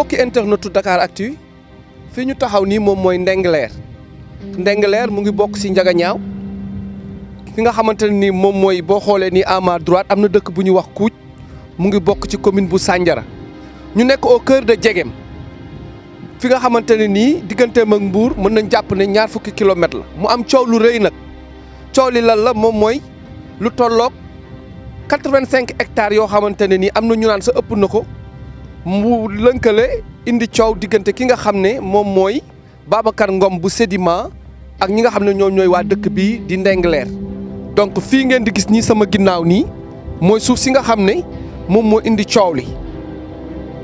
mbokki internetu Dakar Actu fi ñu taxaw ni moom mooy Ndingler mm. Ndingler mu ngi bokk si Njagañaaw fi nga xamante ne nii moom mooy boo xoolee nii à ma droite am na dëkk bu ñuy wax Kuuj mu ngi bokk ci commune bu Sandiara ñu nekk au cœur de Dieguem fi nga xamante ni nii digganteem Mbour mën nañ ne ñaar fukki kilomètre la mu am lu rëy nag coow li la moom mooy lu 85 hectares ñu sa ëpp mu lënkale indi coow diggante ki nga xam ne moom mooy Babacar Ngom bu Sedima ak ñi nga xam ne ñoom ñooy waa dëkk bi di Ndengler donc fii ngeen di gis nii sama ginnaaw nii mooy suuf si nga xam ne moom moo indi coow li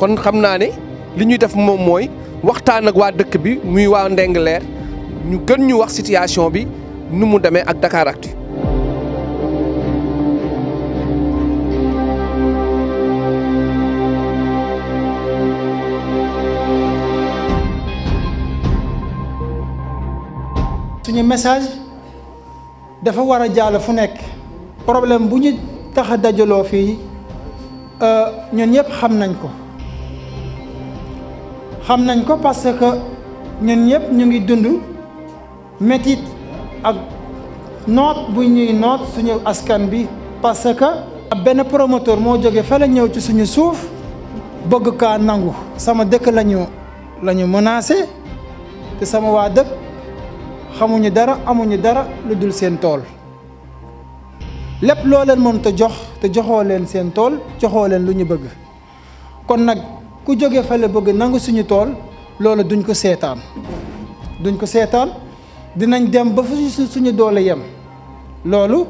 kon xam naa ne li ñuy def moom mooy waxtaan ak waa dëkk bi muy waa Ndengler ñu gën ñu wax situation bi nu mu demee ak Dakaractu suñu message dafa war a jàll fu nekk problème bu ñu tax a fi fii euh, ñun ñëpp xam nañ ko xam nañ ko parce que ñun ñëpp ñu ngi dund métit ak noot bu ñuy noot suñu askan bi parce que promoteur fa la ci suñu bëgg nangu sama dëkk lañu lañu menacé te sama waa dëkk xamuñu dara amuñu dara lu dul seen tool lépp loo leen mën jox te joxoo leen seen tool joxoo leen lu ñu bëgg kon nag ku jóge fale bëgg nangu suñu tool loolu duñ ko seetaan duñ ko seetaan dinañ dem ba fu suñu doole yem loolu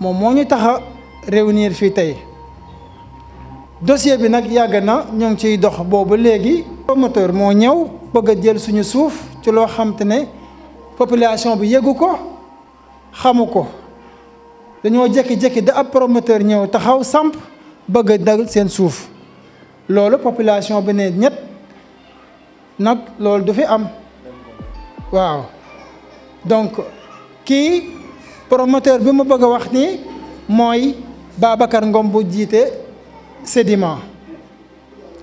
moom moo ñu tax a réunir fii tey dossier bi nag yàgg na ñoo ngi ciy dox boobu léegi promoteur moo ñëw bëgg a jël suñu suuf ci loo xam ne population bi yegu ko xamu ko dañoo jekki jékki da ab promoteur ñew taxaw samp bëgg a dal seen souf population bi ne n'ak nag du fi am waaw donc ki promoteur bi ma bëgg wax ni moy Babacar Ngom bu jiite Sedima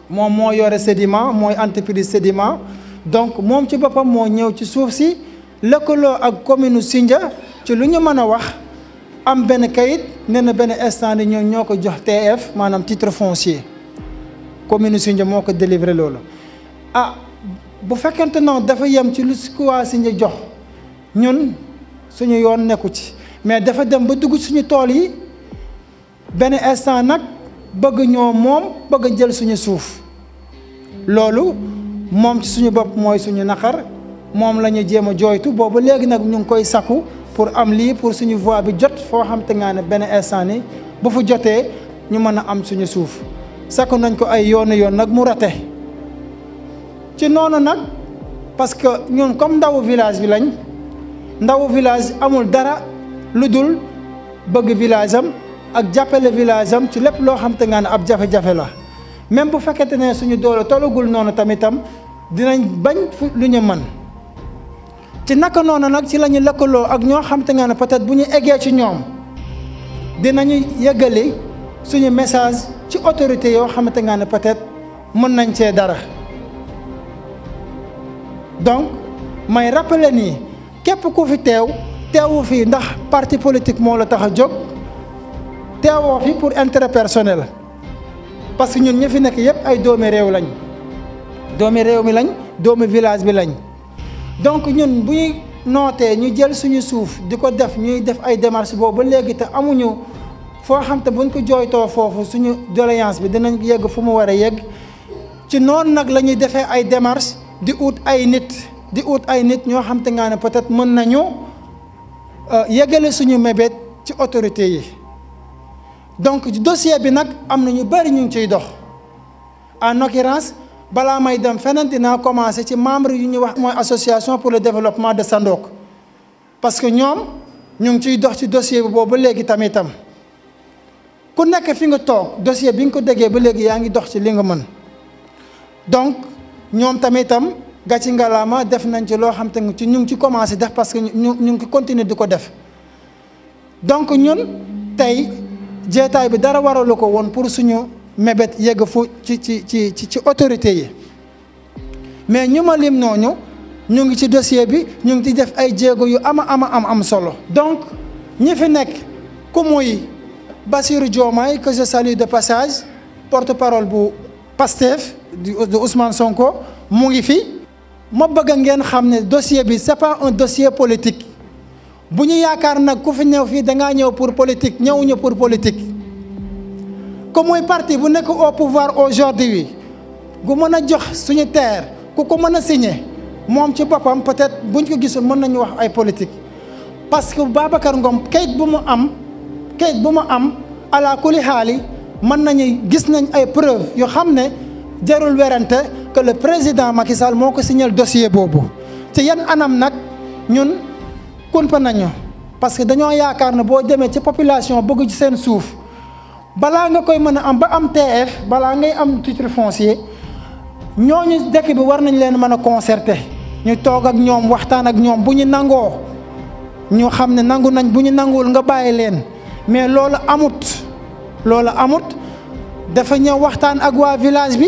moom moo yore Sedima entreprise Sedima donc mom ci bopam mo ñew ci souf si lëkkaloo ak commune Sindia ci lu ñu mën a wax am benn kayit nee na benn instant ni ñoom ñoo ko jox TF maanaam titre foncier commune Sindia moo ko délivré loolu ah bu fekkente non dafa yem ci lu ku waa Sindia jox ñun suñu yoon nekku ci mais dafa dem ba dugg suñu tool yi benn instant nag bëgg ñoo moom bëgg jël suñu suuf loolu moom ci suñu bopp mooy suñu naqar mom la jema joytu a jooytu les ñu koy saku pour am li pour suñu voix bi jot fo xam te ben de ni bu fu joté ñu mëna am suñu suuf saku nañ ko ay parce que comme village bi village amul dara l'udul, bëgg village am ak de village am ci lépp ab la même bu ne suñu tamitam ci naka noonu nag ci la ñu lëkkaloo ak ñoo xam te nga ne peut-être bu ñu eggee ci ñoom dinañu yëgale suñu message ci autorité yoo xamante nga ne peut-être mën nañ cee dara donc may rappeler nii képp ku fi teew teewu fii ndax parti politique moo la tax a jóg teewoo fi pour intérêt personnel parce que ñun ñu fi nekk yëpp ay doomi réew lañ doomi réew mi lañ doomi village bi lañ donc ñun bu ñu nootee ñu jël suñu suuf di ko def ñuy def ay démarches boobu ba léegi te amuñu foo xamte te buñ ko jooytoo foofu suñu doléance bi dinañ yegg fu mu war a yegg ci noonu nag la ñuy defee ay démarches di ut ay nit di ut ay nit ñoo xam te nga ne peut-être mën nañu euh, yeggale suñu mébét ci autorité yi donc dossier bi nag am na ñu bëri ñu ngi ciy dox en balaa may dem feneen dina commencé ci membre yu ñu wax moy association pour le développement de Sandok parce que ñom ñu ngi ciy dox ci dossier bi boobu ba tamitam ku nekk fi nga tok dossier bi nga ko déggee ba légui yaangi dox ci li nga mën donc ñom tamitam gàcci lama def nañ ci lo xam tan ci ñu ci commencer def parce que ñu ñu ngi continuer diko def donc ñun tay jeetaay bi dara waralu ko pour suñu mais il fu ci ci ci ci autorité mais nous ñu ngi ci dossier ama ama am am solo donc ñi fi nek ku que je salue de passage porte-parole bu Pastef de Ousmane Sonko mu ngi fi ma bëgg ngeen dossier bi c'est pas un dossier politique bu ku fi pour politique pour politique que est parti bu nekk au pouvoir aujourd'hui gu mën a jox suñu terre ku ko mën a signé moom ci boppam peut-être buñ ko gisul mën nañu wax ay politique parce que Babacar Ngom kayit bu am kayit bu am ala kuli xaali mën nañu gis nañ ay preuve yu xam ne jarul werante que le président Macky Sall moo ko dossier boobu ci yan anam nag ñun kumpa nañu parce que dañoo yaakaar ne boo demee ci population bëgg ci seen suuf balaa nga koy mën a am ba am TF balaa ngay am titre foncier ñooñu dëkk bi war nañ leen mën a concerter ñu toog ak ñoom waxtaan ak ñoom bu ñu nangoo ñu xam ne nangu nañ bu ñu nanguwul nga bàyyi leen mais loolu amut loolu amut dafa ñëw waxtaan ak waa village bi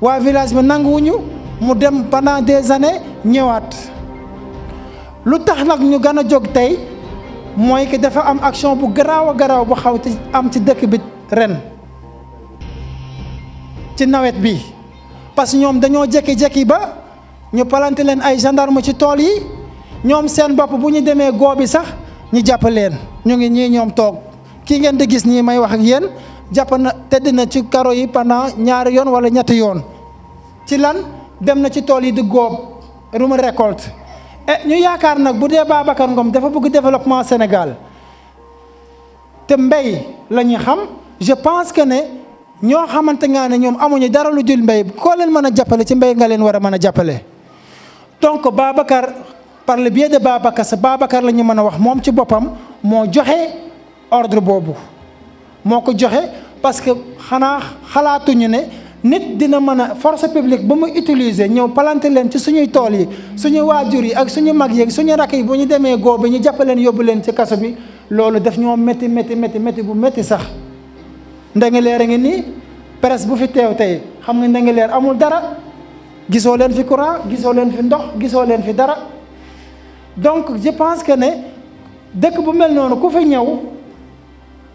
waa village bi nanguwuñu mu dem pendant des années ñëwaat lu tax nag ñu gën a jóg tey mooy que dafa am action bu garaaw a garaaw bu xaw ci am ci dëkk bi ren ci nawet bi parce que ñoom dañoo jékki-jékki ba ñu palante leen ay gendarme ci tool yi ñoom seen bopp bu ñu demee góob goobi sax ñu jàpp leen ñu ngi ñii ñoom toog kii ngeen di gis ñii may wax ak yéen jàpp na tëdd na ci karo yi pendant ñaari yoon wala ñetti yoon ci lan dem na ci tool yi di góob rumu récolte Eh, ñu yaakaar nag bu dee Babacar Ngom dafa bëgg développement Sénégal xam je pense que ne ñoo xamante nga ne ñoom amuñu dara lu dul mbéy koo leen mën a jàppale ci mbéy nga leen war a mën donc Babacar par le biais de Babacar sa Babacar la a wax moom ci bopam mo joxe ordre boobu moo ko parce que xanaa xalaatuñu nit dina mën a force publique ba mu utiliser ñëw palante leen ci suñuy tool yi suñu waajur yi ak suñu mag yi suñu rakk yi bu ñu demee góo bi ñu jàppaleen yóbbu leen ci kaso bi loolu def ñoo métti métti métti métti bu métti sax Ndingler a ngi nii presse bu fi teew tey xam nga Ndingler amul dara gisoo leen fi courant gisoo leen fi ndox gisoo leen fi dara donc je pense que ne dëkk bu mel noonu ku fi ñëw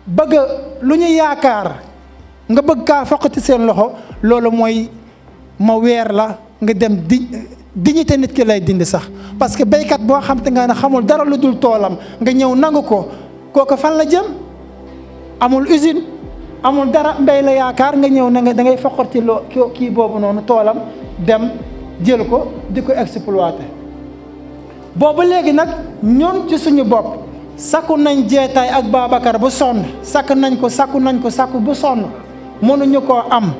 bëgg lu ñu yaakaar nga bëgg kaa foqati seen loxo loolu mooy ma weer la nga dem di dignité nit ki lay dindi sax parce que béykat boo xam te nga ne xamul dara lu dul toolam nga ñëw nangu ko kooku fan la jëm amul usine amul dara mbéy la yaakaar nga ñëw na nga da ngay foqarti loo kii boobu noonu toolam dem jël ko di ko exploité boobu léegi nag ñun ci suñu bopp sakku nañ jeetaay ak Babacar bu sonn sakku nañ ko sakku nañ ko sakku bu sonn mënuñu koo am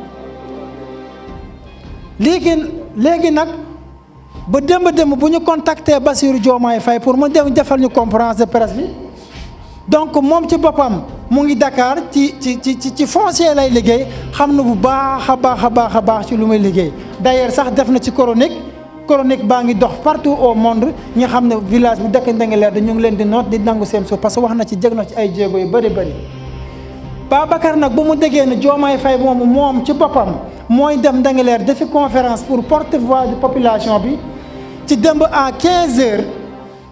léegi léegi nag ba démb démb bu ñu contacter Bassirou Diomaye fay pour ma def defal ñu conférence de presse bi donc moom ci boppam mu ngi dakaar ci ci ci ci foncier lay liggéey xam na bu baax a baax a a baax ci lu muy liggéey d'ailleurs sax def na ci chronique chronique baa ngi dox partout au monde ñi xam ne village bu dëkk Ndingler dañu ngi leen di noot di nangu seen suuf parce que wax na ci jég na ci ay jéego yu bëri bëri. Babacar nak bu mu déggee ne Diomaye Fay mom mom ci bopam moy dem Ndingler défi conférence pour porte-voix de population bi ci démb à 15 h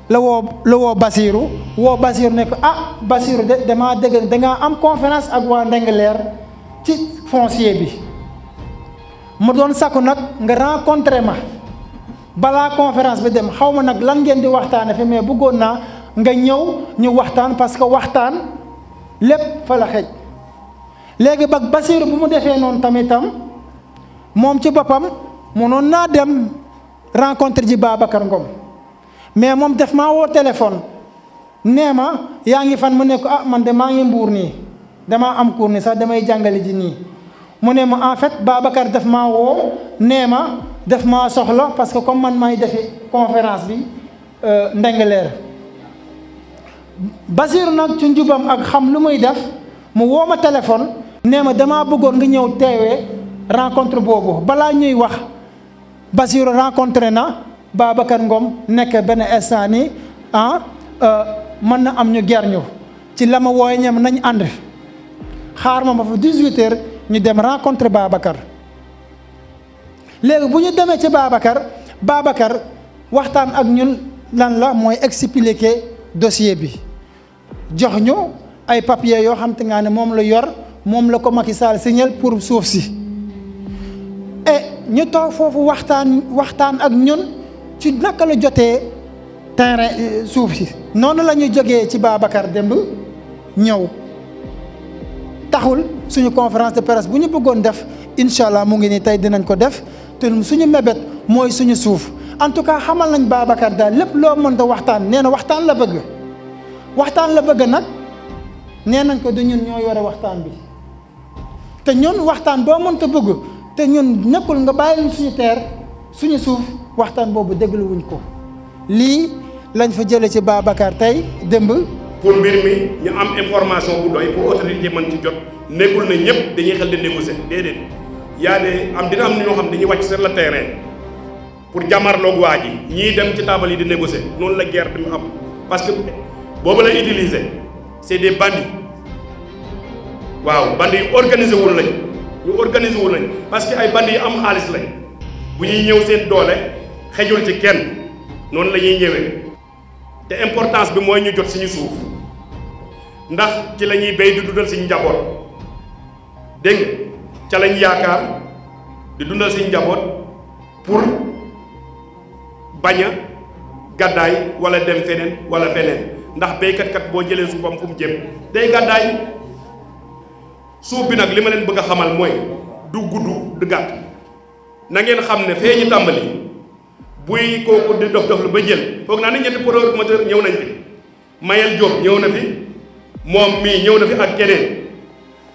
le wo le wo Basirou wo Basirou nek ah Basirou de dama damaa da nga am conférence ak wa Ndingler ci foncier bi mu don sakku nak nga rencontré ma bala conférence bi dem xawma nak lan ngeen di waxtane fi mais bëggoon nga ñew ñu waxtaan parce que waxtaan lepp fa la xej léegi bag Basiiru bu mu defee noonu tamitam moom ci boppam mënoon naa dem rencontre ji Babacar Ngom mais moom def maa woo téléphone nee ma yaa ngi fan mu nekk ah man de maa ngi mbuur nii damaa am cours ni sax damay jàngale ji nii mu ne ma en fait Babacar def maa woo nee ma def maa soxla parce que comme man maay defi conférence bi euh, Ndingler Basiiru nag ci njubam ak xam lu muy def mu woo ma téléphone nee ma damaa bëggoon nga ñëw teewee rencontre boobu balaa ñuy wax Basirou rencontré na Babacar ngoom nekk benn instant ni ah euh, mën na am ñu ger ñu ci la ma wooye ñam nañ ànd xaar ma ma fa 18 heures ñu dem rencontre Babacar léegi bu ñu demee ci Babacar Babacar waxtaan ak ñun lan la mooy expliquer dossier bi jox ñu ay papiers yoo xam te nga ne moom la yor moom la ko Macky saal signal pour suuf si e ñu toog foofu waxtaan waxtaan ak ñun ci naka la jotee terrain eh, suuf si noonu la ñu jógee ci Babacar démb ñëw taxul suñu conférence de presse bu ñu bëggoon def incha allah mu ngi nii tey dinañ ko def te suñu mébét mooy suñu suuf en tout cas xamal nañ Babacar daal lépp loo mën waxtaan nee na waxtaan la bëgg waxtaan la bëgg nag nee nañ ko du ñun ñoo yore waxtaan bi te ñun waxtaan boo mënta bëgg te ñun nekkul nga bàyyi suñu teer suñu suuf waxtaan boobu dégluwuñ ko lii lañ fa jële ci Babacar tey démb pour mbir mi ñu am information bu doy pour autorité mën ci jot nekkul na ñëpp dañuy xel di négocier déedéet yaa de am dina am ñoo xam dañuy wàcc sur le terrain pour jàmmarloog waa ji ñii dem ci taabal yi di négocier noonu la guerre di am parce que boobu lay utiliser c'est des bandits waaw band yi organisé wul lañ ñu organisé wul lañ parce que ay band yu am xaalis lañ bu ñuy ñëw seen doole xejul ci kenn noonu la ñuy ñëwee te importance bi mooy ñu jot suñu suuf ndax ci la ñuy béy di dundal suñu njaboot dégg nga ca lañ yaakaar di dundal suñu njaboot pour bañ a gàddaay wala dem feneen wala feneen ndax béykat kat boo jëlee suufam fu mu jëm day gàddaay. suuf bi nag li ma leen bëgg a xamal mooy du gudd du gàtt na ngeen xam ne fee ñu tàmbali buy kooku di dof dof lu ba jël foog naa ne ñetti promoteur ñëw nañ fi Mayel Diop ñëw na fi moom mii ñëw na fi ak keneen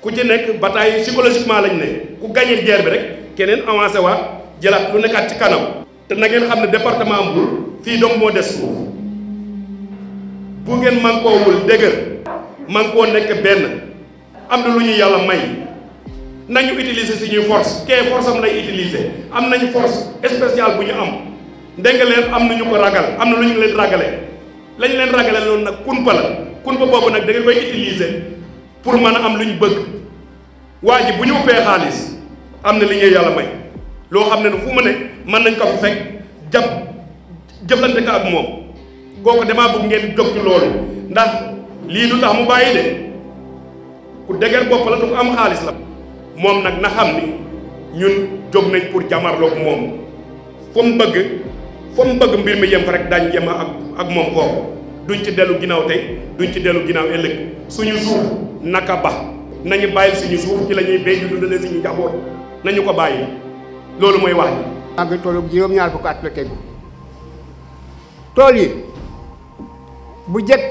ku ci nekk bataille psychologiquement lañ ne ku gagné guerre bi rek keneen avancé waat jëlaat lu nekkaat ci kanam. te na ngeen xam ne département Mbour fii dong moo des suuf bu ngeen man koowul dëgër man koo nekk benn. am na lu ñu yàlla may nañu utiliser suñuy force kee force am lay utiliser am nañu force spéciale bu ñu am ndeng am am ñu ko ragal am na lu ñu leen ragale lañu leen ragale loolu nag kunpa la kunpa boobu nag da ba koy utiliser pour mën a am lu ñu bëgg waa ji bu ñu uppee xaalis am na lu ñuy yàlla may loo xam ne fu mu ne mën nañ ko fa fekk jàpp jëflante ko moom kooku demaa bëgg ngeen jóg ndax lii lu tax mu bàyyi de ku dëgër bopp la te am xaalis la moom nag na xam ni ñun jóg nañ pour jamarloog moom fa mu bëgg fa bëgg mbir mi yem fa rek daañ yema ak ak moom foofu ci dellu ginnaaw tey duñ ci dellu ginnaaw ëllëg suñu suuf naka ba nañu bàyyi suñu suuf ci la ñuy béy di dundalee nañu ko bàyyi loolu mooy wax ji am bi tollu juróom-ñaar fukk at la tegu tool yi bu jëkk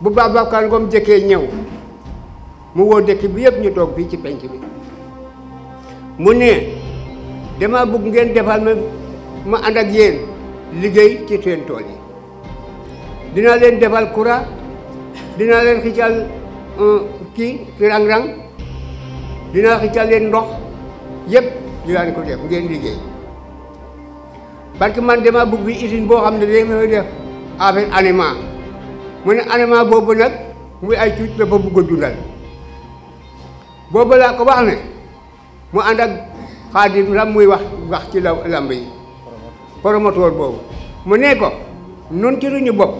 bu Babacar Ngom jëkkee ñëw mu woo dëkk bi yëpp ñu toog fii ci penc mi mu ne dama bëgg ngeen defal ma ma ànd ak yéen liggéey ci seen tool dinaa leen defal kura dinaa leen xical euh, kii ci dinaa xical leen ndox yëpp dinaa ko def ngeen liggéey parce que man dama bëgg bi usine boo xam ne dañ koy def affaire aliment mu ne aliment boobu nag muy ay cuuc dafa bëgg a dundal boobu laa ko wax ne mu ànd ak xaadim la muy wax wax ci la lamb yi promoteur boobu mu ne ko nun ci suñu bopp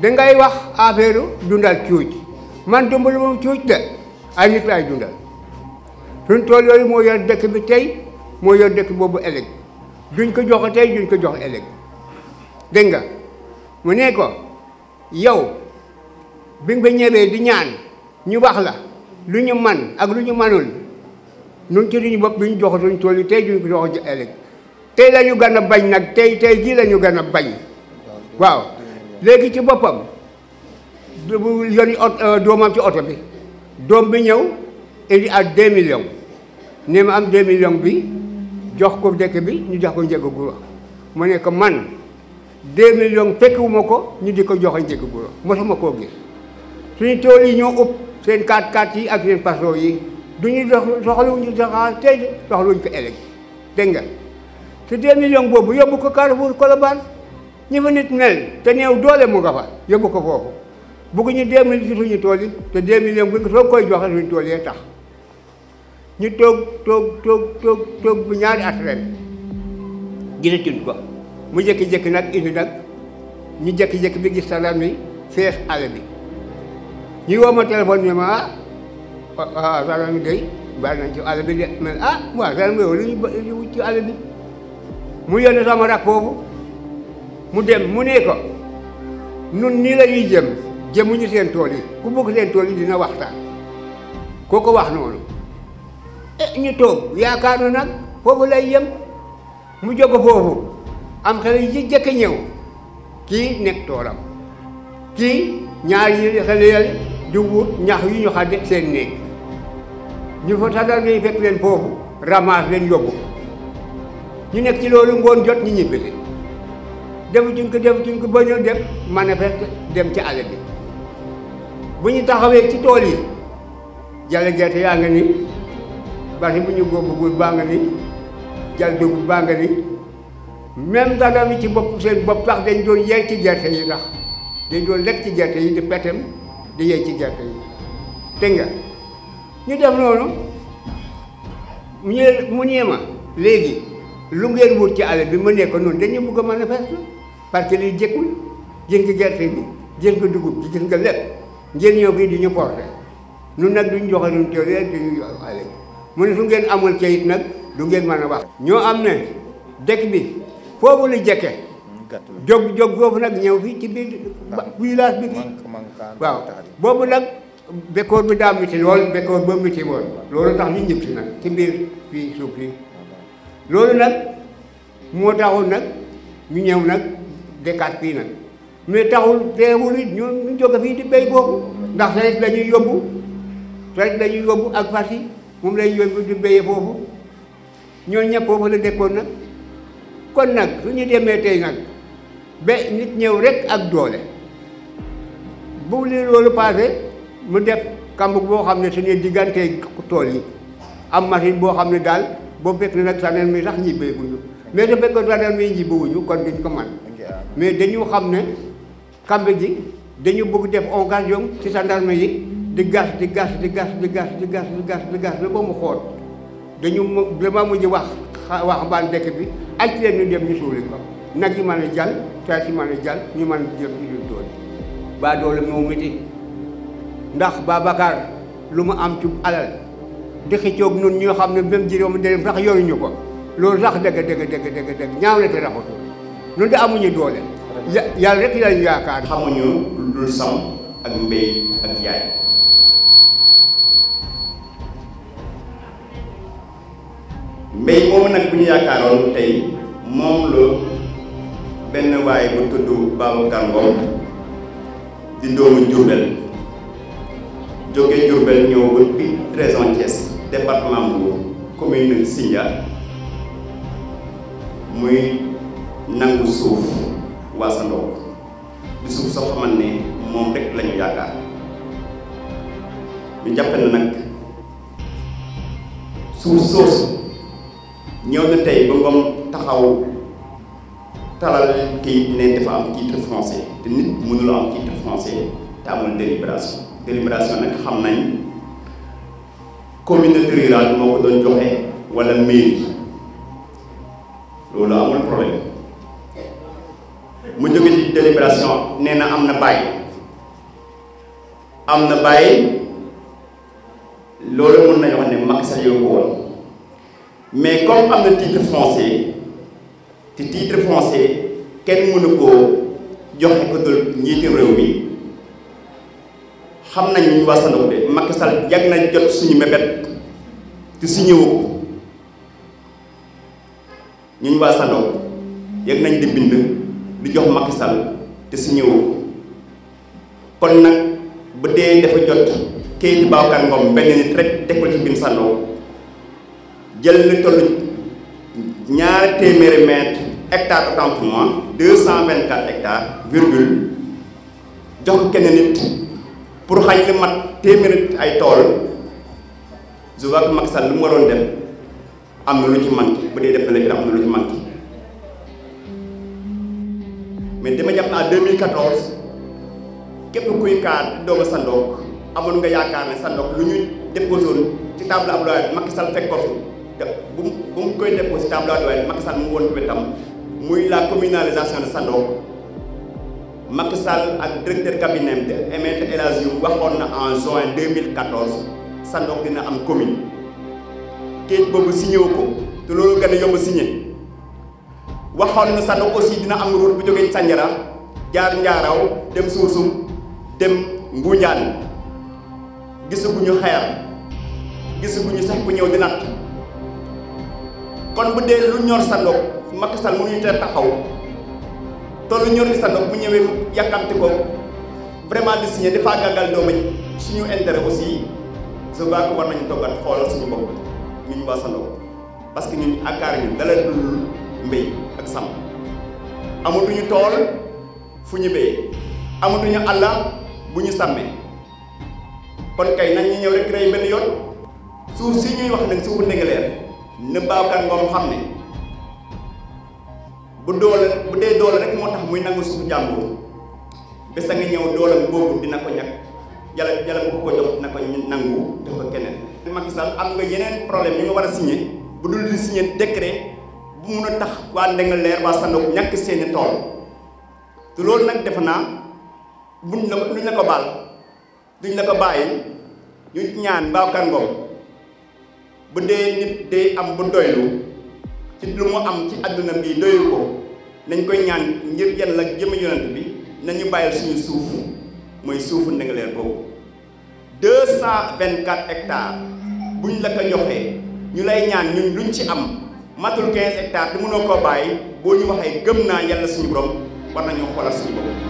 dangay wax affaire dundal cuuj man dumbalu moom cuuj de ay nit laay dundal suñ tool yooyu moo yor dëkk bi tey moo yor dëkk boobu ëllëg duñ ko jox tey duñ ko jox ëllëg dégg nga mu ne ko yow bi nga ñëwee di ñaan ñu wax la lu ñu man ak lu ñu manul ñun ci duñu bopp duñu jox suñu tool yi tey duñu ko jox ci ëllëg tey la ñu gën a bañ nag tey tey jii la ñu gën a bañ waaw léegi ci boppam bu yoni ot euh, doomam ci oto bi doom bi ñëw indi ak deux millions ne ma am deux millions bi jox ko dëkk bi ñu jox ko njëg gu wax mu ne man deux millions fekkiwuma ko ñu di ko jox njëg gu wax mosuma koo gis suñu tool yi ñoo ëpp seen kaat kaat yi ak seen paso yi ñu soxlawuñu saxaar tey soxlawuñu ko éleg dégg nga te deux million boobu yóbbu ko Carrefour Colobane ñi fa nit mel te néew doole mu nga fa yóbbu ko foofu bëgguñu deux millions ci suñu tool yi te deux millions bu ñu soog koy joxe suñu tool yee tax ñu toog toog toog toog toog bu ñaari at ren gisatuñ ko mu jékki-jékki nag indi nag ñu jékki-jékki bi gis salaam ni fees àll bi ñu woo ma téléphone ñu ma ah waaw ah, ah, Salam Gueye bari nañ ci àll bi de man ah waaw ci àll bi mu yónni sama rak mu dem mu ne ko nun nii la ñuy jëm jëmuñu seen tool yi ku bëgg seen tool yi dina waxtaan kooku wax noonu e ñu toog yaakaar na nag foofu lay yem mu jóg foofu am xale yi jëkk ñëw kii nekk toolam kii ñaar yi xale yal di wut ñax yu ñu xade seen néeg ñu fa tagal ngay fekk leen foofu ramasse leen yóbbu ñu nekk ci loolu ngoon jot ñu ñibbisi defatuñ ko defatuñ ko ba ñu def manifeste dem ci àll bi bu ñu taxawee ci tool yi jale gerte yaa nga ni bari bu ñu góobu guur baa nga ni jal dugub baa nga ni même dara bi ci bopp seen bopp sax dañ doon yeey ci gerte yi sax dañ doon lekk ci gerte yi di petem di yee ci gerte yi dégg nga ñu def loolu mu ñëwee mu ñëwee ma léegi lu ngeen wut ci àll bi ma nekk noonu dañu bëgg a manifeste parce que li jëkkul jën nga gerte bi jën nga dugub ji jën nga lépp njën ñoo gi di ñu porté nun nag duñ joxe duñ teew rek duñu ale mu ne su ngeen amul kayit nag du ngeen mën a wax ñoo am ne dëkk bi foofu la jëkke jóg jóg boobu nag ñëw fii ci biir village bi fii waaw boobu nag bekkoor bi daa miti lool bekkoor ba miti woon loolu tax ñu ñëpp si nag ci biir fii suuf fii loolu moo taxul nag ñu ñëw nag dëkkaat fii nag mais taxul teewul it ñu ñu jóge fii di béy boobu ndax saret la ñuy yóbbu saret la ak fas yi moom lay yóbbu di béyee foofu ñoo ñëpp foofu la dëkkoon nag kon nag su ñu demee tey nag ba nit ñëw rek ak doole bu li loolu passé mu def kambug boo xam ne suñuy diggante tool yi am machine boo xam ne daal boo fekk ne nag saneen mi sax ñibbee bu ñu mais su fekkoon saneen mi ñibbiwuñu kon duñ ko man mais dañu xam ne kambe ji dañu bëgg def occasion ci gendarme yi di gas di gas di gas di gas di gas di gas di gas ba ba mu xool dañu dama mujj wax wax mbaan dëkk bi ak leen ñu dem ñu suuli ko nag yi mën a jàll taat yi mën a jàll ñu jël ñu doole baa doole moo métti ndax Babacar lu mu am ci alal dëkk coog nun ñoo xam ne même juróomi dërëm sax yoruñu ko loolu sax dëgg dëgg dëgg dëgg ñaaw la te raxatu nun de amuñu doole yàlla rek lañu yaakaar xamuñu lu dul sam ak mbéy ak yaay mbéy moomu nag bu ñu yaakaaroon tey moom la benn waaye bu tudd Babacar Ngom di doomu Diourbel jóge Diourbel ñëw ba bi région Thiès département bu muy nangu suuf waasandoo di suuf soo xamante ne moom rek la yaakaar ñu jàpp na nag suuf soosu ñëw na tey ba taxaw talal leen kayit ne dafa am titre français, te nit mënula am titre français te amul délibération délibération nak xam nañ communauté rurale moo ko doon joxe wala mairie loolu amul problème mu jóge ci délibération nee amna baye amna baye am loolu mën nañu wax ne Macky Sall yoo ko woon mais comme amna titre français. te titre kenn mënu koo joxe ko dul njiitu réew mi xam nañ ñu waa Sandakou de Macky Sall yàgg jot suñu mébét te su ñëwu ko ñun waa Sandakou yàgg nañ di bind di jox Macky Sall te su ñëwu kon nag bu dee dafa jot kayit Babacar Ngom benn nit rek teg ci biir Sandakou jël lu toll ñaari téeméeri mètre hectares autant pour moi deux cent vingt quatre hectares virgule jox kenn nit pour xañ li mat téeméeri ay tool je vois que Macky lu mu waroon dem am na lu ci manqué bu dee def na léegi am na lu ci manqué mais dama jàpp naa 2014 képp kuy kaar doog a Sandock amoon nga yaakaar ne Sandock lu ñuy déposé woon ci table Abdoulaye Macky Sall fekk ko fi bu bu mu koy déposé table Abdoulaye Macky Sall mu woon ci wetam muy la communalisation de Sanokh Macky Sall ak directeur cabinet de Maître El Hadji na en juin 2014 Sanokh dina am commune kayit boobu signé wu ko te loolu gën yomb signé waxoon na Sanokh aussi dina am route bu jógee Sandiara jaar Njaaraw dem Suusum dem Mbuunjaan gisaguñu xeer gisaguñu sax ku ñëw di natt kon bu dee lu ñor sa ndox Macky Sall mënuñu te taxaw te lu ñor li sa ndox bu ñëwee yàkkamti ko vraiment di signé dafa gàggal dooma ji suñu intérêt aussi je crois que war nañu toggat xoolal suñu bopp ñun waa sa ndox parce que ñun akkaar ñu dala dul mbéy ak sàmm amatuñu tool fu ñu béyee amatuñu àll bu ñu sàmmee kon kay nañ ñëw rek rey benn yoon suuf si ñuy wax nag suufu ndegeleer na Babacar Ngom xam ne bu doole bu dee doole rek moo tax muy nangu suufu jàmbur bés a nga ñëw doolam boobu dina ko ñàkk yàlla yàlla bu ko jox dina ko nangu def ko keneen. Macky Sall am nga yeneen problème yu nga war a signé bu dul di signé décret bu mun a tax waa Ndingler waa Sanokh ñàkk seeni tool te loolu nag defe naa buñ la ko duñ la ko baal duñ la ko bàyyi ñu ñaan Babacar Ngom. bu dee nit day am bu doylu ci lu mu am ci àdduna bii doylu ko nañ koy ñaan ngir la jëma yonent bi nañu bàyyi suñu suuf mooy suufu Ndingler boobu deux cent vingt quatre hectares buñ la ko joxee ñu lay ñaan ñu luñ ci am matul quinze hectares te mënoo koo bàyyi boo ñu waxee gëm naa yàlla suñu borom war nañu xoolal suñu bopp